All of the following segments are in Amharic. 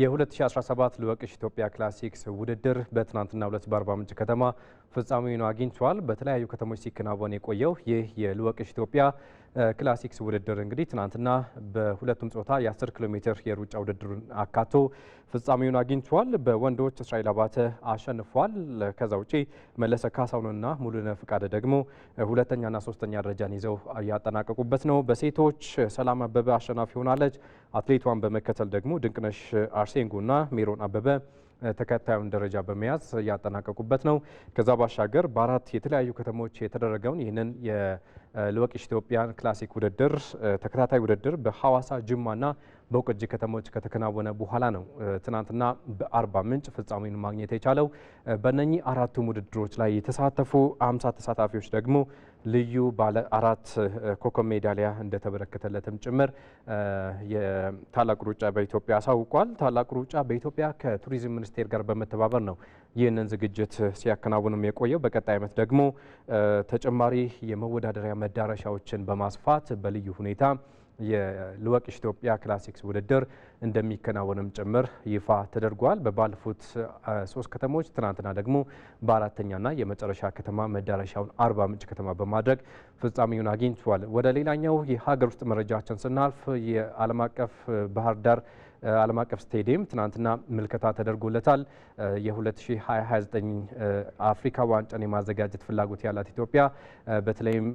የ2017 ልወቅሽ ኢትዮጵያ ክላሲክስ ውድድር በትናንትና ሁለት በአርባ ምንጭ ከተማ ፍጻሜውን አግኝቷል። በተለያዩ ከተሞች ሲከናወን የቆየው ይህ የልወቅሽ ኢትዮጵያ ክላሲክስ ውድድር እንግዲህ ትናንትና በሁለቱም ጾታ የ10 ኪሎ ሜትር የሩጫ ውድድሩን አካቶ ፍጻሜውን አግኝቷል። በወንዶች እስራኤል አባተ አሸንፏል። ከዛ ውጪ መለሰ ካሳውንና ሙሉነህ ፍቃደ ደግሞ ሁለተኛና ሶስተኛ ደረጃን ይዘው እያጠናቀቁበት ነው። በሴቶች ሰላም አበበ አሸናፊ ሆናለች። አትሌቷን በመከተል ደግሞ ድንቅነሽ አርሴንጎና ሜሮን አበበ ተከታዩን ደረጃ በመያዝ ያጠናቀቁበት ነው። ከዛ ባሻገር በአራት የተለያዩ ከተሞች የተደረገውን ይህንን የልወቅሽ ኢትዮጵያን ክላሲክ ውድድር ተከታታይ ውድድር በሐዋሳ ጅማና በውቅጅ ከተሞች ከተከናወነ በኋላ ነው ትናንትና በአርባ ምንጭ ፍጻሜን ማግኘት የቻለው። በእነኚህ አራቱም ውድድሮች ላይ የተሳተፉ አምሳ ተሳታፊዎች ደግሞ ልዩ ባለ አራት ኮከብ ሜዳሊያ እንደተበረከተለትም ጭምር የታላቁ ሩጫ በኢትዮጵያ አሳውቋል። ታላቁ ሩጫ በኢትዮጵያ ከቱሪዝም ሚኒስቴር ጋር በመተባበር ነው ይህንን ዝግጅት ሲያከናውንም የቆየው። በቀጣይ ዓመት ደግሞ ተጨማሪ የመወዳደሪያ መዳረሻዎችን በማስፋት በልዩ ሁኔታ የልወቅሽ ኢትዮጵያ ክላሲክስ ውድድር እንደሚከናወንም ጭምር ይፋ ተደርጓል። በባለፉት ሶስት ከተሞች ትናንትና ደግሞ በአራተኛና የመጨረሻ ከተማ መዳረሻውን አርባ ምንጭ ከተማ በማድረግ ፍጻሜውን አግኝቷል። ወደ ሌላኛው የሀገር ውስጥ መረጃችን ስናልፍ የዓለም አቀፍ ባህር ዳር ዓለም አቀፍ ስቴዲየም ትናንትና ምልከታ ተደርጎለታል። የ2029 አፍሪካ ዋንጫን የማዘጋጀት ፍላጎት ያላት ኢትዮጵያ በተለይም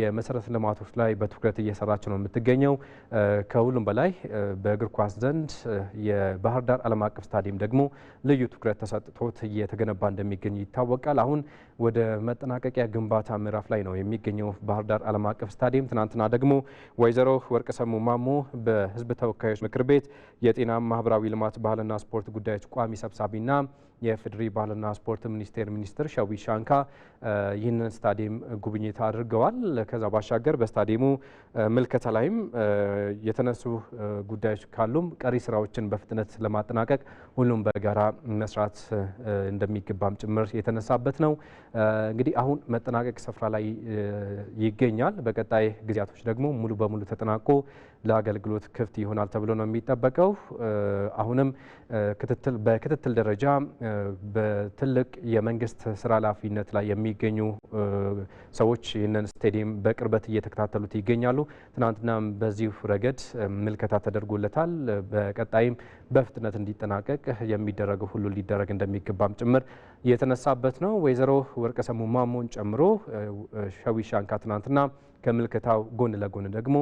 የመሰረተ ልማቶች ላይ በትኩረት እየሰራች ነው የምትገኘው። ከሁሉም በላይ በእግር ኳስ ዘንድ የባህር ዳር ዓለም አቀፍ ስታዲየም ደግሞ ልዩ ትኩረት ተሰጥቶት እየተገነባ እንደሚገኝ ይታወቃል። አሁን ወደ መጠናቀቂያ ግንባታ ምዕራፍ ላይ ነው የሚገኘው ባህር ዳር ዓለም አቀፍ ስታዲየም። ትናንትና ደግሞ ወይዘሮ ወርቅሰሙ ማሞ በህዝብ ተወካዮች ምክር ቤት የጤና ማህበራዊ ልማት ባህልና ስፖርት ጉዳዮች ቋሚ ሰብሳቢና የፌዴሪ ባህልና ስፖርት ሚኒስቴር ሚኒስትር ሸዊ ሻንካ ይህንን ስታዲየም ጉብኝት አድርገዋል። ከዛ ባሻገር በስታዲየሙ ምልከታ ላይም የተነሱ ጉዳዮች ካሉም ቀሪ ስራዎችን በፍጥነት ለማጠናቀቅ ሁሉም በጋራ መስራት እንደሚገባም ጭምር የተነሳበት ነው። እንግዲህ አሁን መጠናቀቅ ስፍራ ላይ ይገኛል። በቀጣይ ጊዜያቶች ደግሞ ሙሉ በሙሉ ተጠናቆ ለአገልግሎት ክፍት ይሆናል ተብሎ ነው የሚጠበቀው። አሁንም በክትትል ደረጃ በትልቅ የመንግስት ስራ ኃላፊነት ላይ የሚገኙ ሰዎች ይህንን ስቴዲየም በቅርበት እየተከታተሉት ይገኛሉ። ትናንትናም በዚሁ ረገድ ምልከታ ተደርጎለታል። በቀጣይም በፍጥነት እንዲጠናቀቅ የሚደረገው ሁሉ ሊደረግ እንደሚገባም ጭምር የተነሳበት ነው። ወይዘሮ ወርቀሰሙ ማሞን ጨምሮ ሸዊሻንካ ትናንትና ከምልከታው ጎን ለጎን ደግሞ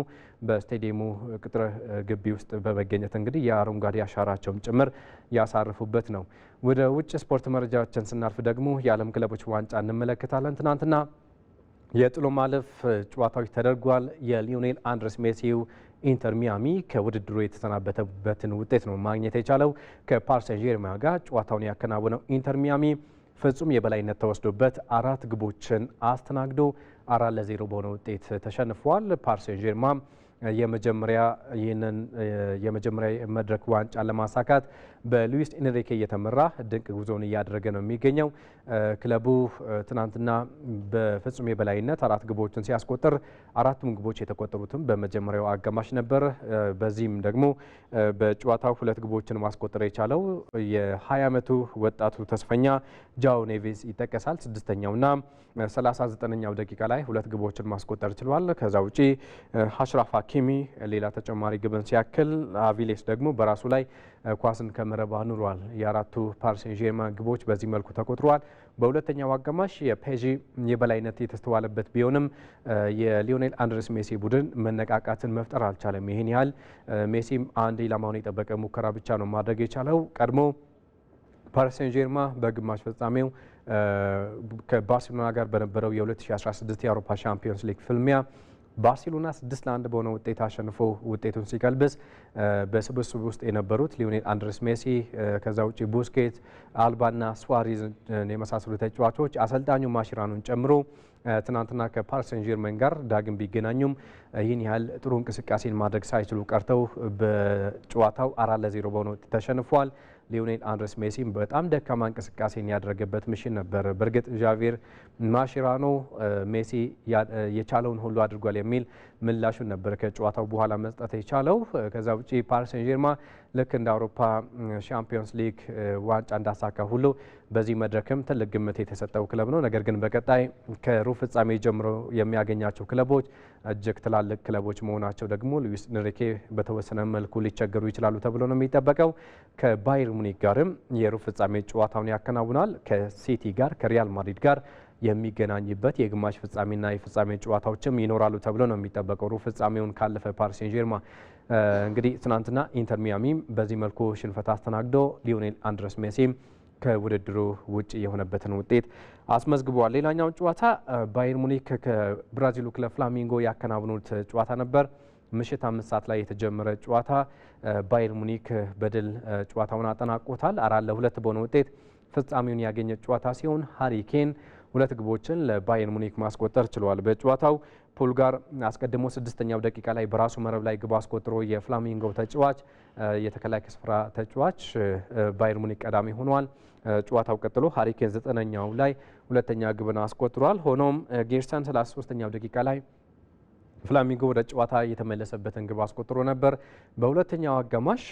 በስቴዲየሙ ቅጥረ ግቢ ውስጥ በመገኘት እንግዲህ የአረንጓዴ አሻራቸውም ጭምር ያሳርፉበት ነው። ውጭ ስፖርት መረጃዎችን ስናልፍ ደግሞ የዓለም ክለቦች ዋንጫ እንመለከታለን። ትናንትና የጥሎ ማለፍ ጨዋታዎች ተደርጓል። የሊዮኔል አንድረስ ሜሲው ኢንተር ሚያሚ ከውድድሩ የተሰናበተበትን ውጤት ነው ማግኘት የቻለው። ከፓርሰን ጀርማ ጋር ጨዋታውን ያከናወነው ኢንተር ሚያሚ ፍጹም የበላይነት ተወስዶበት አራት ግቦችን አስተናግዶ አራት ለዜሮ በሆነ ውጤት ተሸንፏል። ፓሪስ ጀርማ የመጀመሪያ ይህንን የመጀመሪያ መድረክ ዋንጫ ለማሳካት በሉዊስ ኢንሪኬ እየተመራ ድንቅ ጉዞውን እያደረገ ነው የሚገኘው። ክለቡ ትናንትና በፍጹም የበላይነት አራት ግቦችን ሲያስቆጥር አራቱም ግቦች የተቆጠሩትም በመጀመሪያው አጋማሽ ነበር። በዚህም ደግሞ በጨዋታው ሁለት ግቦችን ማስቆጠር የቻለው የ20 ዓመቱ ወጣቱ ተስፈኛ ጃው ኔቬስ ይጠቀሳል። ስድስተኛውና 39ኛው ደቂቃ ላይ ሁለት ግቦችን ማስቆጠር ችሏል። ከዛ ውጪ አሽራፍ ሀኪሚ ሌላ ተጨማሪ ግብን ሲያክል አቪሌስ ደግሞ በራሱ ላይ ኳስን ከመረብ አኑሯል። የአራቱ ፓሪስ ሴን ግቦች በዚህ መልኩ ተቆጥረዋል። በሁለተኛው አጋማሽ የፔዥ የበላይነት የተስተዋለበት ቢሆንም የሊዮኔል አንድሬስ ሜሲ ቡድን መነቃቃትን መፍጠር አልቻለም። ይህን ያህል ሜሲም አንድ ኢላማውን የጠበቀ ሙከራ ብቻ ነው ማድረግ የቻለው። ቀድሞ ፓሪስ ሴን በግማሽ ፍጻሜው ከባርሴሎና ጋር በነበረው የ2016 የአውሮፓ ሻምፒዮንስ ሊግ ፍልሚያ ባርሴሎና ስድስት ለአንድ በሆነ ውጤት አሸንፎ ውጤቱን ሲቀልብስ በስብስብ ውስጥ የነበሩት ሊዮኔል አንድሬስ ሜሲ ከዛ ውጭ ቡስኬት፣ አልባና ስዋሪዝን የመሳሰሉ ተጫዋቾች አሰልጣኙ ማሽራኑን ጨምሮ ትናንትና ከፓሪስ ሴን ጋር ዳግም ቢገናኙም ይህን ያህል ጥሩ እንቅስቃሴን ማድረግ ሳይችሉ ቀርተው በጨዋታው አራት ለዜሮ በሆነ ውጤት ተሸንፏል። ሊዮኔል አንድሬስ ሜሲም በጣም ደካማ እንቅስቃሴን ያደረገበት ምሽት ነበር። በእርግጥ ዣቪር ማሽራኖ ሜሲ የቻለውን ሁሉ አድርጓል የሚል ምላሹን ነበር ከጨዋታው በኋላ መስጠት የቻለው። ከዛ ውጪ ፓሪስ ሴን ጀርማ ልክ እንደ አውሮፓ ሻምፒዮንስ ሊግ ዋንጫ እንዳሳካ ሁሉ በዚህ መድረክም ትልቅ ግምት የተሰጠው ክለብ ነው። ነገር ግን በቀጣይ ከሩብ ፍጻሜ ጀምሮ የሚያገኛቸው ክለቦች እጅግ ትላልቅ ክለቦች መሆናቸው ደግሞ ሉዊስ ንሪኬ በተወሰነ መልኩ ሊቸገሩ ይችላሉ ተብሎ ነው የሚጠበቀው። ከባየር ሙኒክ ጋርም የሩብ ፍጻሜ ጨዋታውን ያከናውናል። ከሲቲ ጋር፣ ከሪያል ማድሪድ ጋር የሚገናኝበት የግማሽ ፍጻሜና የፍጻሜ ጨዋታዎችም ይኖራሉ ተብሎ ነው የሚጠበቀው። ሩብ ፍጻሜውን ካለፈ ፓሪስ ሴን ጀርማ እንግዲህ ትናንትና ኢንተር ሚያሚም በዚህ መልኩ ሽንፈት አስተናግዶ ሊዮኔል አንድረስ ሜሲም ከውድድሩ ውጭ የሆነበትን ውጤት አስመዝግቧል። ሌላኛው ጨዋታ ባየር ሙኒክ ከብራዚሉ ክለብ ፍላሚንጎ ያከናውኑት ጨዋታ ነበር። ምሽት አምስት ሰዓት ላይ የተጀመረ ጨዋታ ባየር ሙኒክ በድል ጨዋታውን አጠናቆታል። አራት ለሁለት በሆነ ውጤት ፍጻሜውን ያገኘ ጨዋታ ሲሆን ሃሪ ኬን ሁለት ግቦችን ለባየን ሙኒክ ማስቆጠር ችሏል። በጨዋታው ፑል ጋር አስቀድሞ ስድስተኛው ደቂቃ ላይ በራሱ መረብ ላይ ግብ አስቆጥሮ የፍላሚንጎ ተጫዋች የተከላካይ ስፍራ ተጫዋች ባየር ሙኒክ ቀዳሚ ሆኗል። ጨዋታው ቀጥሎ ሃሪኬን ዘጠነኛው ላይ ሁለተኛ ግብን አስቆጥሯል። ሆኖም ጌርሰን 33ኛው ደቂቃ ላይ ፍላሚንጎ ወደ ጨዋታ የተመለሰበትን ግብ አስቆጥሮ ነበር። በሁለተኛው አጋማሽ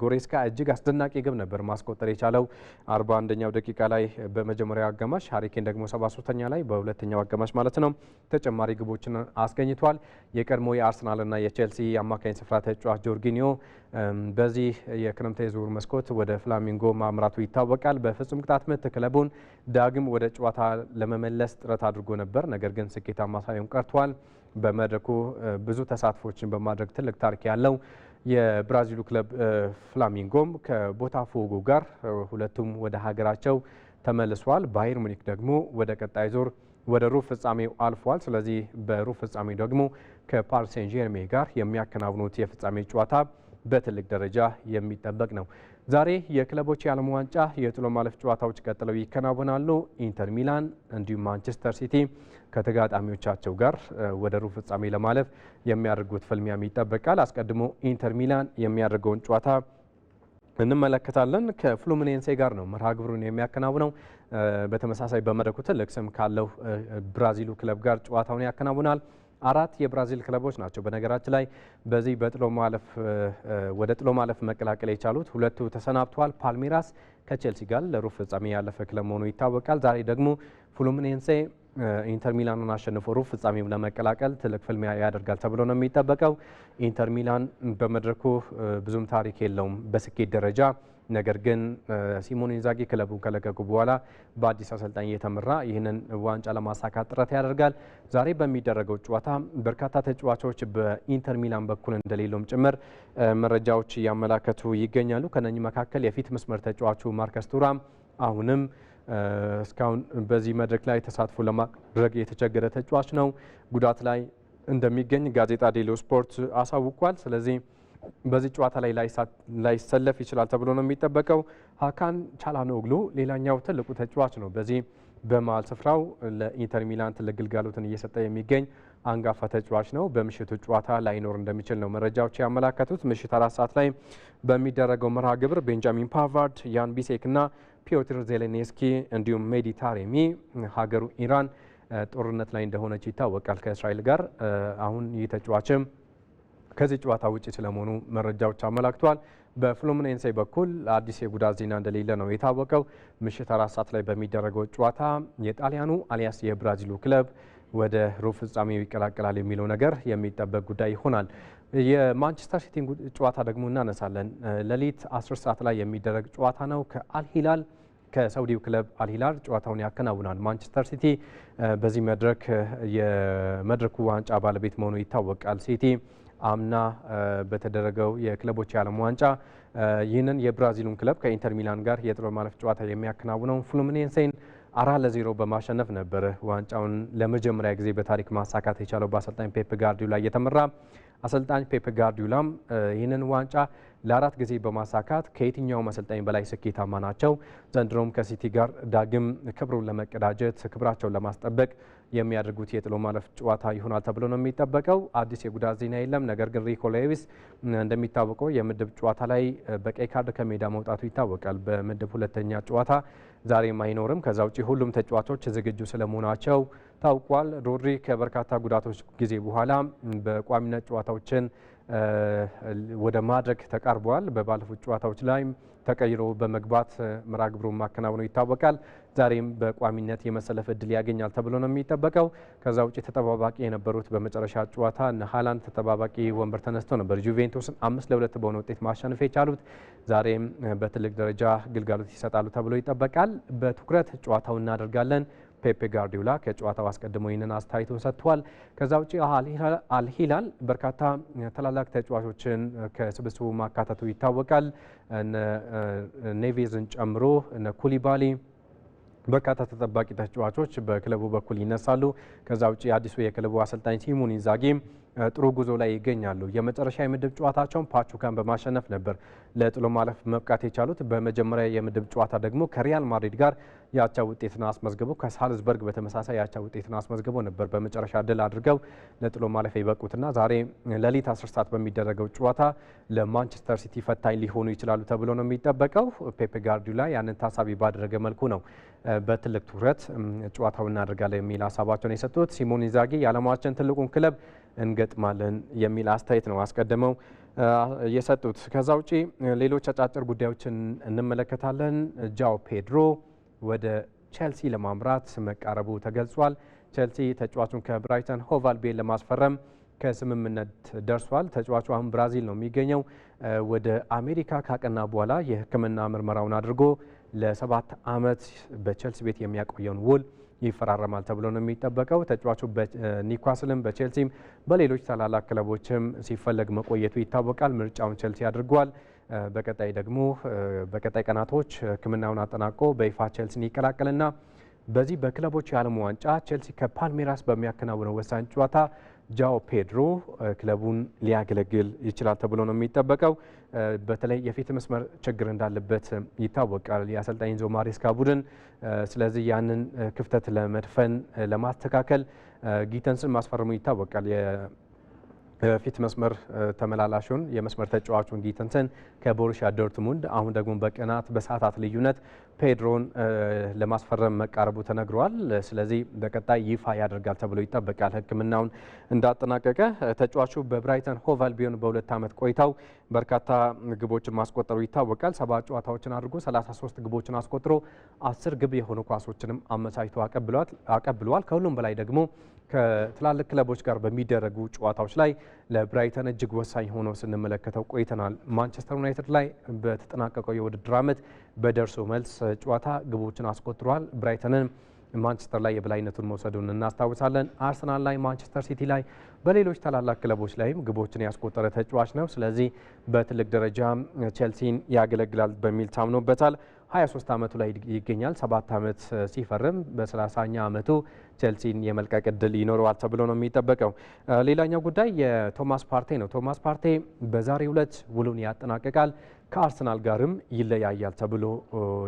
ጎሬስካ እጅግ አስደናቂ ግብ ነበር ማስቆጠር የቻለው 41 አንደኛው ደቂቃ ላይ በመጀመሪያው አጋማሽ፣ ሀሪኬን ደግሞ 73 ላይ በሁለተኛው አጋማሽ ማለት ነው ተጨማሪ ግቦችን አስገኝቷል። የቀድሞ የአርሰናልና የቼልሲ አማካኝ ስፍራ ተጫዋች ጆርጊኒዮ በዚህ የክረምት የዝውውር መስኮት ወደ ፍላሚንጎ ማምራቱ ይታወቃል። በፍጹም ቅጣት ምት ክለቡን ዳግም ወደ ጨዋታ ለመመለስ ጥረት አድርጎ ነበር፣ ነገር ግን ስኬታማ ሳይሆን ቀርቷል። በመድረኩ ብዙ ተሳትፎችን በማድረግ ትልቅ ታሪክ ያለው የብራዚሉ ክለብ ፍላሚንጎም ከቦታፎጎ ጋር ሁለቱም ወደ ሀገራቸው ተመልሷል። ባየር ሙኒክ ደግሞ ወደ ቀጣይ ዞር ወደ ሩብ ፍጻሜው አልፏል። ስለዚህ በሩብ ፍጻሜው ደግሞ ከፓሪስ ሴን ጀርሜ ጋር የሚያከናውኑት የፍጻሜ ጨዋታ በትልቅ ደረጃ የሚጠበቅ ነው። ዛሬ የክለቦች የዓለም ዋንጫ የጥሎ ማለፍ ጨዋታዎች ቀጥለው ይከናወናሉ። ኢንተር ሚላን እንዲሁም ማንቸስተር ሲቲ ከተጋጣሚዎቻቸው ጋር ወደ ሩብ ፍጻሜ ለማለፍ የሚያደርጉት ፍልሚያም ይጠበቃል። አስቀድሞ ኢንተር ሚላን የሚያደርገውን ጨዋታ እንመለከታለን። ከፍሉሚኔንሴ ጋር ነው መርሃ ግብሩን የሚያከናውነው። በተመሳሳይ በመድረኩ ትልቅ ስም ካለው ብራዚሉ ክለብ ጋር ጨዋታውን ያከናውናል። አራት የብራዚል ክለቦች ናቸው። በነገራችን ላይ በዚህ በጥሎ ማለፍ ወደ ጥሎ ማለፍ መቀላቀል የቻሉት ሁለቱ ተሰናብተዋል። ፓልሜራስ ከቼልሲ ጋር ለሩብ ፍጻሜ ያለፈ ክለብ መሆኑ ይታወቃል። ዛሬ ደግሞ ፍሉሚኔንሴ ኢንተር ሚላኑን አሸንፎ ሩብ ፍጻሜም ለመቀላቀል ትልቅ ፍልሚያ ያደርጋል ተብሎ ነው የሚጠበቀው። ኢንተር ሚላን በመድረኩ ብዙም ታሪክ የለውም በስኬት ደረጃ ነገር ግን ሲሞን ኢንዛጊ ክለቡን ከለቀቁ በኋላ በአዲስ አሰልጣኝ እየተመራ ይህንን ዋንጫ ለማሳካት ጥረት ያደርጋል። ዛሬ በሚደረገው ጨዋታ በርካታ ተጫዋቾች በኢንተር ሚላን በኩል እንደሌለውም ጭምር መረጃዎች እያመላከቱ ይገኛሉ። ከነኚህ መካከል የፊት መስመር ተጫዋቹ ማርከስ ቱራም አሁንም እስካሁን በዚህ መድረክ ላይ ተሳትፎ ለማድረግ የተቸገረ ተጫዋች ነው። ጉዳት ላይ እንደሚገኝ ጋዜጣ ዴሎ ስፖርት አሳውቋል። ስለዚህ በዚህ ጨዋታ ላይ ላይሰለፍ ይችላል ተብሎ ነው የሚጠበቀው። ሀካን ቻላኖግሉ ሌላኛው ትልቁ ተጫዋች ነው። በዚህ በመሀል ስፍራው ለኢንተር ሚላን ትልቅ ግልጋሎትን እየሰጠ የሚገኝ አንጋፋ ተጫዋች ነው። በምሽቱ ጨዋታ ላይኖር እንደሚችል ነው መረጃዎች ያመላከቱት። ምሽት አራት ሰዓት ላይ በሚደረገው መርሃ ግብር ቤንጃሚን ፓቫርድ፣ ያን ቢሴክና ፒዮትር ዜሌኔስኪ እንዲሁም ሜህዲ ታሬሚ ሀገሩ ኢራን ጦርነት ላይ እንደሆነች ይታወቃል ከእስራኤል ጋር አሁን ይህ ተጫዋችም ከዚህ ጨዋታ ውጪ ስለመሆኑ መረጃዎች አመላክተዋል። በፍሉሚኔንሴ በኩል አዲስ የጉዳት ዜና እንደሌለ ነው የታወቀው። ምሽት አራት ሰዓት ላይ በሚደረገው ጨዋታ የጣሊያኑ አሊያስ የብራዚሉ ክለብ ወደ ሩብ ፍጻሜው ይቀላቀላል የሚለው ነገር የሚጠበቅ ጉዳይ ይሆናል። የማንቸስተር ሲቲ ጨዋታ ደግሞ እናነሳለን። ሌሊት 10 ሰዓት ላይ የሚደረግ ጨዋታ ነው ከአልሂላል ከሳውዲው ክለብ አልሂላል ጨዋታውን ያከናውናል። ማንቸስተር ሲቲ በዚህ መድረክ የመድረኩ ዋንጫ ባለቤት መሆኑ ይታወቃል። ሲቲ አምና በተደረገው የክለቦች የዓለም ዋንጫ ይህንን የብራዚሉን ክለብ ከኢንተር ሚላን ጋር የጥሎ ማለፍ ጨዋታ የሚያከናውነው ፍሉሚኔንሴን አራ ለዜሮ በማሸነፍ ነበር ዋንጫውን ለመጀመሪያ ጊዜ በታሪክ ማሳካት የቻለው በአሰልጣኝ ፔፕ ጋርዲዮላ እየተመራ አሰልጣኝ ፔፕ ጋርዲዮላም ይህንን ዋንጫ ለአራት ጊዜ በማሳካት ከየትኛውም አሰልጣኝ በላይ ስኬታማ ናቸው። ዘንድሮም ከሲቲ ጋር ዳግም ክብሩን ለመቀዳጀት ክብራቸውን ለማስጠበቅ የሚያደርጉት የጥሎ ማለፍ ጨዋታ ይሆናል ተብሎ ነው የሚጠበቀው። አዲስ የጉዳት ዜና የለም። ነገር ግን ሪኮ ሌዊስ እንደሚታወቀው የምድብ ጨዋታ ላይ በቀይ ካርድ ከሜዳ መውጣቱ ይታወቃል። በምድብ ሁለተኛ ጨዋታ ዛሬም አይኖርም። ከዛ ውጭ ሁሉም ተጫዋቾች ዝግጁ ስለመሆናቸው ታውቋል። ሮድሪ ከበርካታ ጉዳቶች ጊዜ በኋላ በቋሚነት ጨዋታዎችን ወደ ማድረግ ተቃርቧል። በባለፉት ጨዋታዎች ላይም ተቀይሮ በመግባት መርሃ ግብሩን ማከናወኑ ይታወቃል። ዛሬም በቋሚነት የመሰለፍ እድል ያገኛል ተብሎ ነው የሚጠበቀው። ከዛ ውጭ ተጠባባቂ የነበሩት በመጨረሻ ጨዋታ እነ ተጠባባቂ ወንበር ተነስተው ነበር ጁቬንቱስን አምስት ለሁለት በሆነ ውጤት ማሸነፍ የቻሉት። ዛሬም በትልቅ ደረጃ ግልጋሎት ይሰጣሉ ተብሎ ይጠበቃል። በትኩረት ጨዋታው እናደርጋለን። ፔፔ ጋርዲዮላ ከጨዋታው አስቀድሞ ይህንን አስተያየቱን ሰጥቷል። ከዛ ውጭ አልሂላል በርካታ ታላላቅ ተጫዋቾችን ከስብስቡ ማካተቱ ይታወቃል። ኔቬዝን ጨምሮ ኩሊባሊ በርካታ ተጠባቂ ተጫዋቾች በክለቡ በኩል ይነሳሉ። ከዛ ውጭ አዲሱ የክለቡ አሰልጣኝ ሲሞኔ ኢንዛጊ ጥሩ ጉዞ ላይ ይገኛሉ። የመጨረሻ የምድብ ጨዋታቸውን ፓቹካን በማሸነፍ ነበር ለጥሎ ማለፍ መብቃት የቻሉት። በመጀመሪያ የምድብ ጨዋታ ደግሞ ከሪያል ማድሪድ ጋር የአቻ ውጤትን አስመዝግበው ከሳልዝበርግ በተመሳሳይ የአቻ ውጤትን አስመዝግበው ነበር በመጨረሻ ድል አድርገው ለጥሎ ማለፍ የበቁትና ዛሬ ሌሊት አስር ሰዓት በሚደረገው ጨዋታ ለማንቸስተር ሲቲ ፈታኝ ሊሆኑ ይችላሉ ተብሎ ነው የሚጠበቀው። ፔፕ ጋርዲዮላ ያንን ታሳቢ ባደረገ መልኩ ነው በትልቅ ትኩረት ጨዋታው እናደርጋለን የሚል ሀሳባቸውን የሰጡት። ሲሞኔ ኢንዛጊ የዓለማችን ትልቁን ክለብ እንገጥማለን የሚል አስተያየት ነው አስቀድመው የሰጡት። ከዛ ውጪ ሌሎች አጫጭር ጉዳዮችን እንመለከታለን። ጃው ፔድሮ ወደ ቼልሲ ለማምራት መቃረቡ ተገልጿል። ቼልሲ ተጫዋቹን ከብራይተን ሆቫልቤን ለማስፈረም ከስምምነት ደርሷል። ተጫዋቹ አሁን ብራዚል ነው የሚገኘው። ወደ አሜሪካ ካቀና በኋላ የሕክምና ምርመራውን አድርጎ ለሰባት ዓመት በቼልሲ ቤት የሚያቆየውን ውል ይፈራረማል ተብሎ ነው የሚጠበቀው። ተጫዋቹ በኒኳስልም በቼልሲም በሌሎች ታላላቅ ክለቦችም ሲፈለግ መቆየቱ ይታወቃል። ምርጫውን ቼልሲ አድርጓል። በቀጣይ ደግሞ በቀጣይ ቀናቶች ሕክምናውን አጠናቆ በይፋ ቼልሲን ይቀላቀልና በዚህ በክለቦች የዓለም ዋንጫ ቼልሲ ከፓልሜራስ በሚያከናውነው ወሳኝ ጨዋታ ጃኦ ፔድሮ ክለቡን ሊያገለግል ይችላል ተብሎ ነው የሚጠበቀው። በተለይ የፊት መስመር ችግር እንዳለበት ይታወቃል የአሰልጣኝ ኢንዞ ማሬስካ ቡድን። ስለዚህ ያንን ክፍተት ለመድፈን ለማስተካከል ጊተንስን ማስፈረሙ ይታወቃል። በፊት መስመር ተመላላሹን የመስመር ተጫዋቹን ጊተንሰን ከቦሩሻ ዶርትሙንድ አሁን ደግሞ በቀናት በሰዓታት ልዩነት ፔድሮን ለማስፈረም መቃረቡ ተነግሯል። ስለዚህ በቀጣይ ይፋ ያደርጋል ተብሎ ይጠበቃል። ሕክምናውን እንዳጠናቀቀ ተጫዋቹ በብራይተን ሆቫል ቢዮን በሁለት ዓመት ቆይታው በርካታ ግቦችን ማስቆጠሩ ይታወቃል። ሰባ ጨዋታዎችን አድርጎ 33 ግቦችን አስቆጥሮ አስር ግብ የሆኑ ኳሶችንም አመቻችቶ አቀብሏል። ከሁሉም በላይ ደግሞ ከትላልቅ ክለቦች ጋር በሚደረጉ ጨዋታዎች ላይ ለብራይተን እጅግ ወሳኝ ሆኖ ስንመለከተው ቆይተናል። ማንቸስተር ዩናይትድ ላይ በተጠናቀቀው የውድድር ዓመት በደርሶ መልስ ጨዋታ ግቦችን አስቆጥሯል። ብራይተንን ማንቸስተር ላይ የበላይነቱን መውሰዱን እናስታውሳለን። አርሰናል ላይ፣ ማንቸስተር ሲቲ ላይ፣ በሌሎች ታላላቅ ክለቦች ላይም ግቦችን ያስቆጠረ ተጫዋች ነው። ስለዚህ በትልቅ ደረጃ ቼልሲን ያገለግላል በሚል ታምኖበታል። 23 ዓመቱ ላይ ይገኛል። ሰባት ዓመት ሲፈርም በ30ኛ ዓመቱ ቼልሲን የመልቀቅ እድል ይኖረዋል ተብሎ ነው የሚጠበቀው። ሌላኛው ጉዳይ የቶማስ ፓርቴ ነው። ቶማስ ፓርቴ በዛሬ ሁለት ውሉን ያጠናቅቃል። ከአርሰናል ጋርም ይለያያል ተብሎ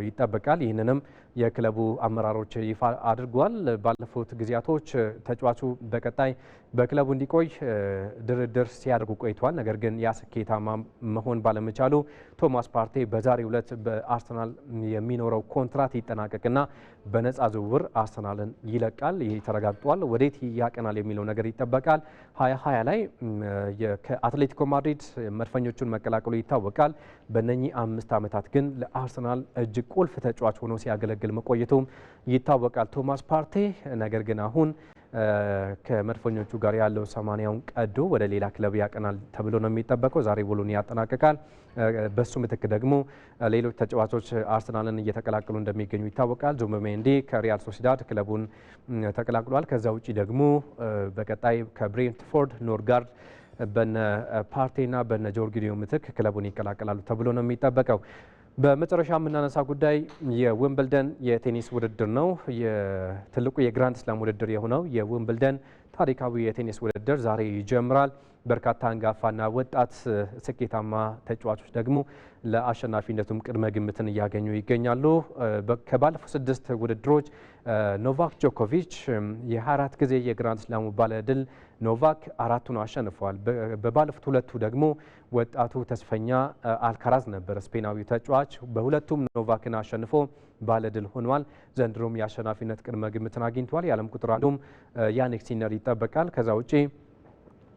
ይጠበቃል። ይህንንም የክለቡ አመራሮች ይፋ አድርጓል። ባለፉት ጊዜያቶች ተጫዋቹ በቀጣይ በክለቡ እንዲቆይ ድርድር ሲያደርጉ ቆይተዋል። ነገር ግን ያ መሆን ባለመቻሉ ቶማስ ፓርቴ በዛሬው ዕለት በአርሰናል የሚኖረው ኮንትራት ይጠናቀቅና በነፃ ዝውውር አርሰናልን ይለቃል። ይሄ ተረጋግጧል። ወዴት ያቀናል የሚለው ነገር ይጠበቃል። ሀያ ሀያ ላይ ከአትሌቲኮ ማድሪድ መድፈኞቹን መቀላቀሉ ይታወቃል። በነኚህ አምስት ዓመታት ግን ለአርሰናል እጅግ ቁልፍ ተጫዋች ሆኖ ሲያገለግል መቆየቱም ይታወቃል። ቶማስ ፓርቴ ነገር ግን አሁን ከመድፈኞቹ ጋር ያለውን ሰማንያውን ቀዶ ወደ ሌላ ክለብ ያቀናል ተብሎ ነው የሚጠበቀው። ዛሬ ውሉን ያጠናቅቃል። በሱ ምትክ ደግሞ ሌሎች ተጫዋቾች አርሰናልን እየተቀላቀሉ እንደሚገኙ ይታወቃል። ዙቢሜንዲ ከሪያል ሶሲዳድ ክለቡን ተቀላቅሏል። ከዛ ውጪ ደግሞ በቀጣይ ከብሬንትፎርድ ኖርጋርድ በነ ፓርቴና በነ ጆርጊኒዮ ምትክ ክለቡን ይቀላቀላሉ ተብሎ ነው የሚጠበቀው። በመጨረሻ የምናነሳ ጉዳይ የዊምብልደን የቴኒስ ውድድር ነው። ትልቁ የግራንድ ስላም ውድድር የሆነው የዊምብልደን ታሪካዊ የቴኒስ ውድድር ዛሬ ይጀምራል። በርካታ አንጋፋና ወጣት ስኬታማ ተጫዋቾች ደግሞ ለአሸናፊነቱም ቅድመ ግምትን እያገኙ ይገኛሉ። ከባለፉት ስድስት ውድድሮች ኖቫክ ጆኮቪች የአራት ጊዜ የግራንድ ስላሙ ባለድል ኖቫክ አራቱን አሸንፏል። በባለፉት ሁለቱ ደግሞ ወጣቱ ተስፈኛ አልካራዝ ነበር ስፔናዊ ተጫዋች። በሁለቱም ኖቫክን አሸንፎ ባለድል ሆኗል። ዘንድሮም የአሸናፊነት ቅድመ ግምትን አግኝቷል። የዓለም ቁጥር አንዱም ያኒክ ሲነር ይጠበቃል። ከዛ ውጪ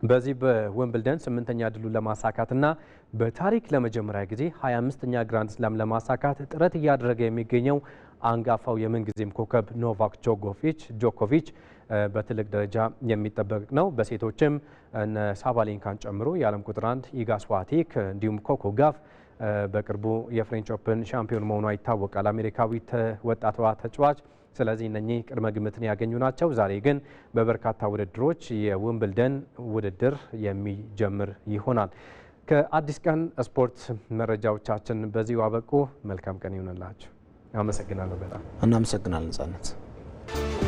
በዚህ በዌምብልደን ስምንተኛ ድሉን ለማሳካትና በታሪክ ለመጀመሪያ ጊዜ 25ኛ ግራንድ ስላም ለማሳካት ጥረት እያደረገ የሚገኘው አንጋፋው የምንጊዜም ኮከብ ኖቫክ ጆኮቪች በትልቅ ደረጃ የሚጠበቅ ነው። በሴቶችም ሳባሌንካን ጨምሮ የዓለም ቁጥር አንድ ኢጋ ስዋቲክ እንዲሁም ኮኮ ጋፍ በቅርቡ የፍሬንች ኦፕን ሻምፒዮን መሆኗ ይታወቃል። አሜሪካዊ ወጣቷ ተጫዋች ስለዚህ እነኚህ ቅድመ ግምትን ያገኙ ናቸው። ዛሬ ግን በበርካታ ውድድሮች የዊምብልደን ውድድር የሚጀምር ይሆናል። ከአዲስ ቀን ስፖርት መረጃዎቻችን በዚሁ አበቁ። መልካም ቀን ይሆንላችሁ። አመሰግናለሁ። በጣም እናመሰግናለን ጻነት